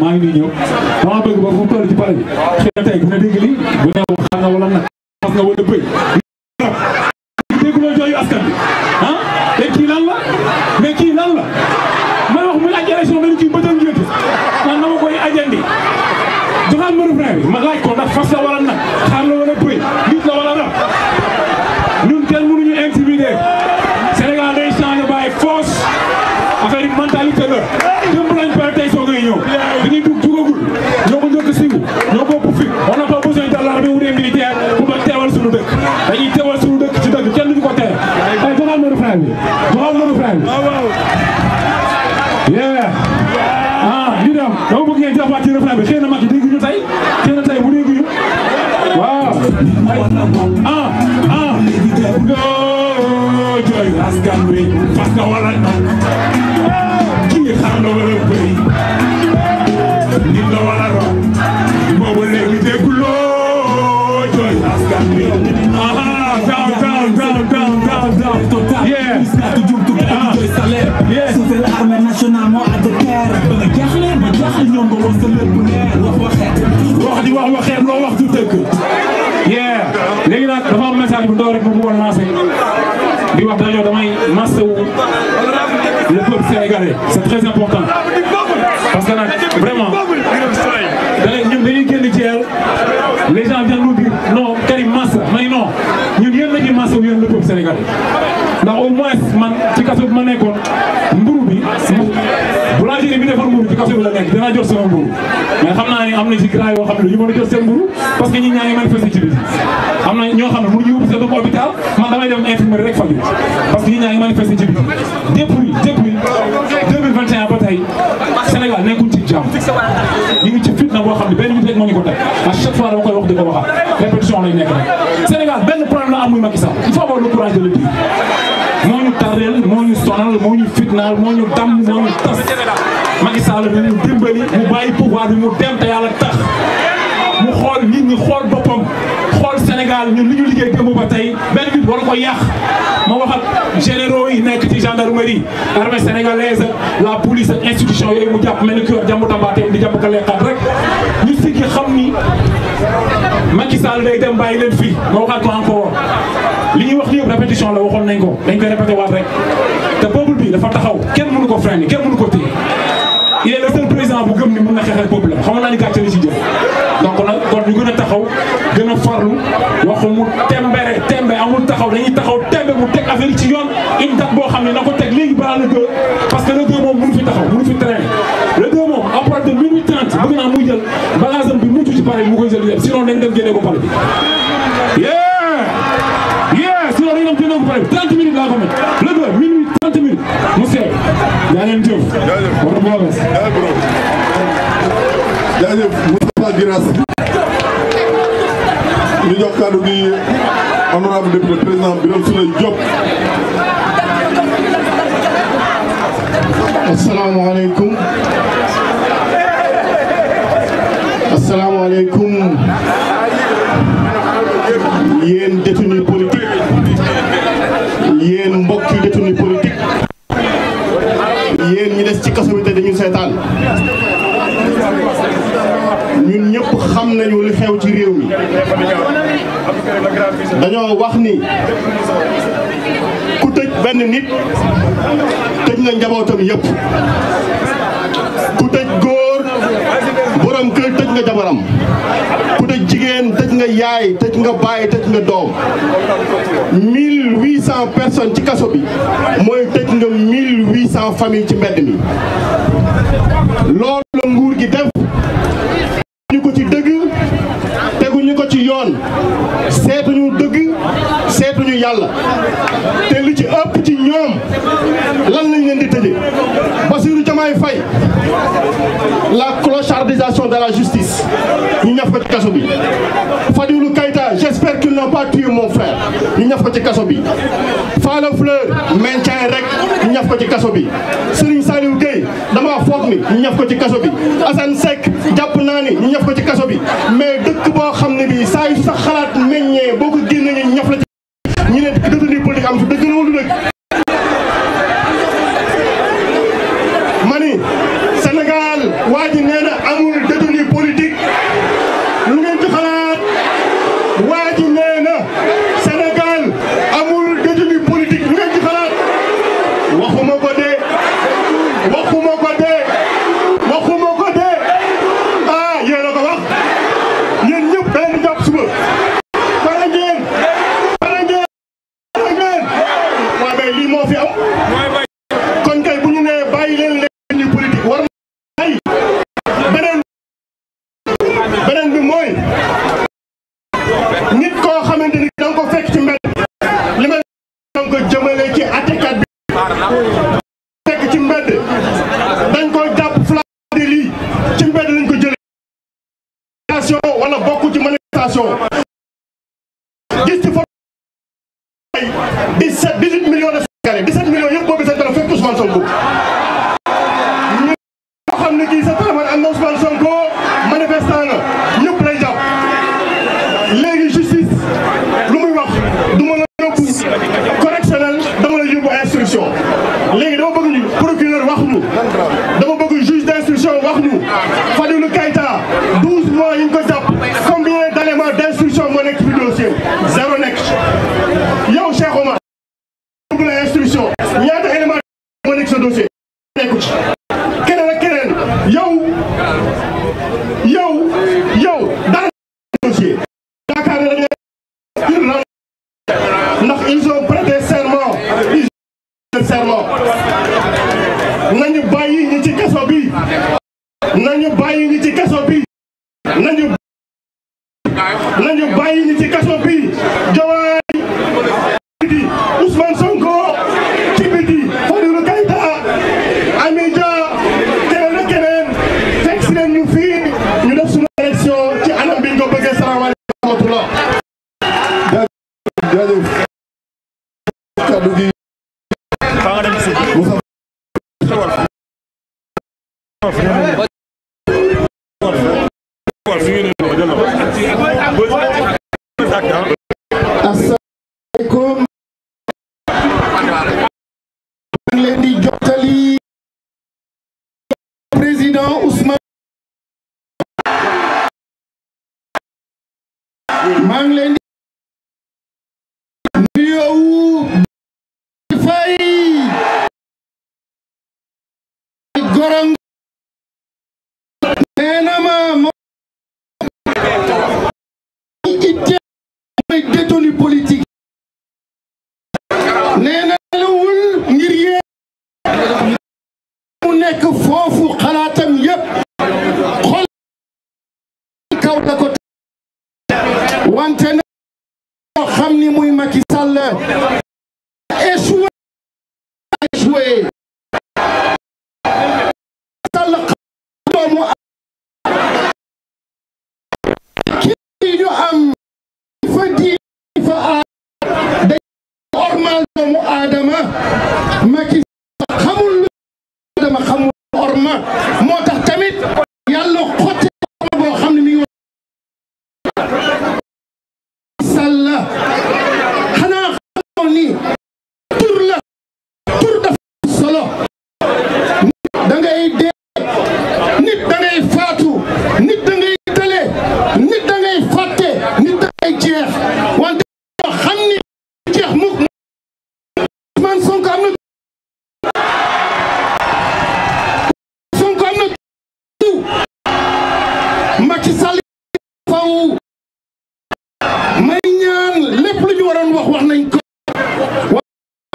maa ngi nuyu ñëpp dama bëgg ba fu mu toll ci pare bi xëy na tey bu na dégg lii bu ne xam na wala nag xam na wala bëy waaw ñu dem dama bëgg ngeen ci refrain bi xëy na mag yi dégg ñu tey xëy na tey bu dégg ñu waaw ah ah doo jooy askan wi parce que wala kii xam na wala bëri nit la du taw rek bu bëggoon lancé di wax dara yow damay masawu le peuple sénégalais c'est très important parce que nag vraiment da ngay ñun dañuy génn ci les gens viennent nous dire non Karim massa may non ñun yéen la ñuy masawu yéen le peuple sénégalais ndax au man ci kaso bi ma nekkoon mburu bi boulangerie bi defar mburu ci kaso bi la nekk dinaa jot sama mburu mais xam naa ne am na ci gars yoo xam ne ñu mën a jot seen mburu parce que ñi ñaa ngi manifester am na ñoo xam ne man damay dem infirmerie rek faju parce que ñi ñaa ngi manifester depuis depuis 2021 ba tey Sénégal nekkul ci jàmm ñu ci fitna boo xam ne benn nit rek moo ñu ko teg à chaque fois dama koy wax a ko waxaat répétition lay nekk Sénégal benn problème la am muy il faut avoir le courage de le dire sonal moo fitnaal moo ñu damm tas Macky Sall dimbali mu bàyyi pouvoir bi mu dem te yàlla tax mu xool nit ñi xool boppam xool Sénégal ñun li ñu liggéey démb ba tey benn nit war ko yàq ma wax ak généraux yi nekk ci gendarmerie armée sénégalaise la police ak institution yooyu mu jàpp mel ni ku yor jàmmu tambaatee di jàpp ka lekkat rek ñu siggi xam ni Macky Sall day dem bàyyi leen fii ma waxaat ko encore li ñu wax nii répétition la waxoon nañ ko dañ koy répété waat rek te bi dafa taxaw kenn mënu ko freiner kenn mënu ko téye il bu gëm ni mën na xeexal peuple la xamoon naa ni gàcce la ci jëf kon ñu gën a taxaw gën a farlu waxu mu tembere tembe amul taxaw dañuy taxaw tembe mu teg affaire ci yoon une date boo xam ne na ko teg léegi balaa le deux parce que le deux moom mënu fi taxaw mënu fi traîner le deux moom à partir de muy jël bagage am bi mucc ci pare mu koy jël yëpp sinon dañ dem génne ko pare bi kaddu gi honorable député président Birame Souleye Diop. asalaamaaleykum. asalaamaaleykum. yéen détenu politique. yéen des ci kaso bi te dañu seetaan. dañoo wax ni ku tëj benn nit tëj nga njabootam yëpp ku tëj góor borom kër tëj nga jabaram ku tëj jigéen tëj nga yaay tëj nga baay tëj nga doom 1800 personnes ci kaso bi mooy tëj nga 1800 familles ci mbedd mi loolu yàlla te li ci ëpp ci ñoom lan lañ leen di tëjee Bassirou Diomaye Faye la clochardisation de la justice ñu ñaf ko ci kaso bi Fadilou Keïta j'espère qu'ils ñu ñaf ko ci kaso bi Falla Fleur maintien rek ñu ñaf ko ci kaso bi Serigne Saliou Gueye dama foog ni ñu ñaf ko ci kaso bi Assane Seck jàpp naa ni ñu ñaf ko ci kaso bi mais dëkk boo xam ne bi saa yu sax xalaat manifestation wala bokk ci manifestation gis ci photo ay 17 18 millions de Sénégalais 17 millions yëpp boobu seen téléphone fekk Ousmane Sonko ñu xam ne kii sa téléphone am na léegi justice lu muy wax du ma la yóbbu correctionnel dama la instruction léegi dama bëgg procureur wax ñu dama bëgg juge d'instruction wax ñu keneen ak keneen yow yow yow dara dossier Dakar ndax ils ont prêté serment ils ont prêté nañu bàyyi ñi ci kaso bi nañu bàyyi ñi ci kaso bi nañu koor fi ngeen asalaamaaleykum maa ngi leen di jottali président Ousmane maa ngi leen di nuyowu fay gorong nee na ay détenu politique nee na lawul ngir yee mu nekk foofu xalaatam yépp xol kaw la ko wante na xam ni muy Macky Sall échoué doomu aadama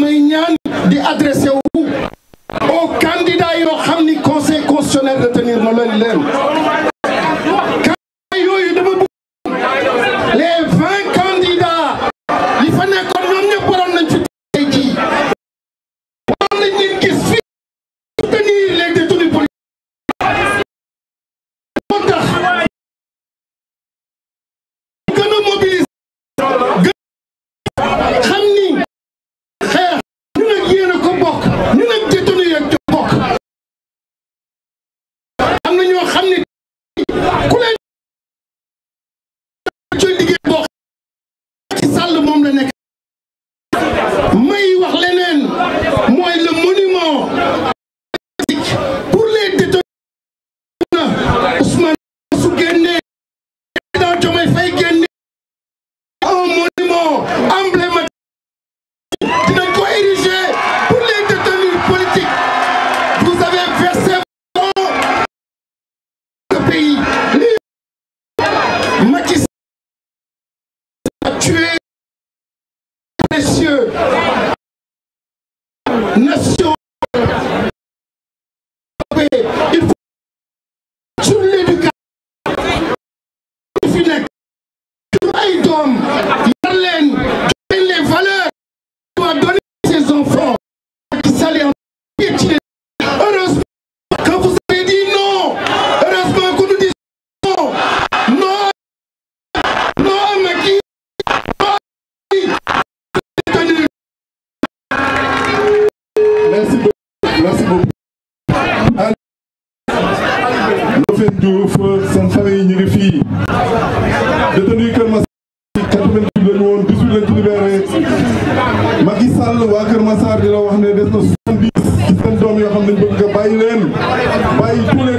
ñuy ñaan di adressé wu au candidat yoo xam ni conseil constitutionnel retenir may wax leneen mooy le monument pour les détenus Ousmane su génnee président Diomaye Faye génne monument emblématique dinañ ko ériger pour les détenus politiques vous avez versé votre pays Macky a tué précieux hommes, yar leen jox leen les valeurs qu'on doit donner à ses enfants. Macky Sall est en train de piétiner. Heureusement que vous avez dit non. Heureusement que nous disons non. Non, non à Macky, non à Macky. Merci beaucoup. Merci beaucoup. Ndofène Diouf seen famille ñu ngi fii. trente minutes lañu woon dix huit lañ ci libéré Macky Sall waa yoo xam ne bëgg nga bàyyi leen bàyyi tous les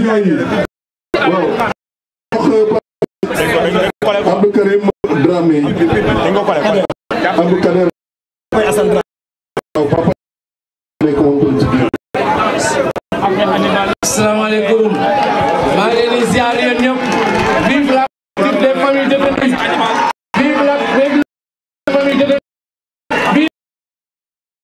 yi waaw. Karim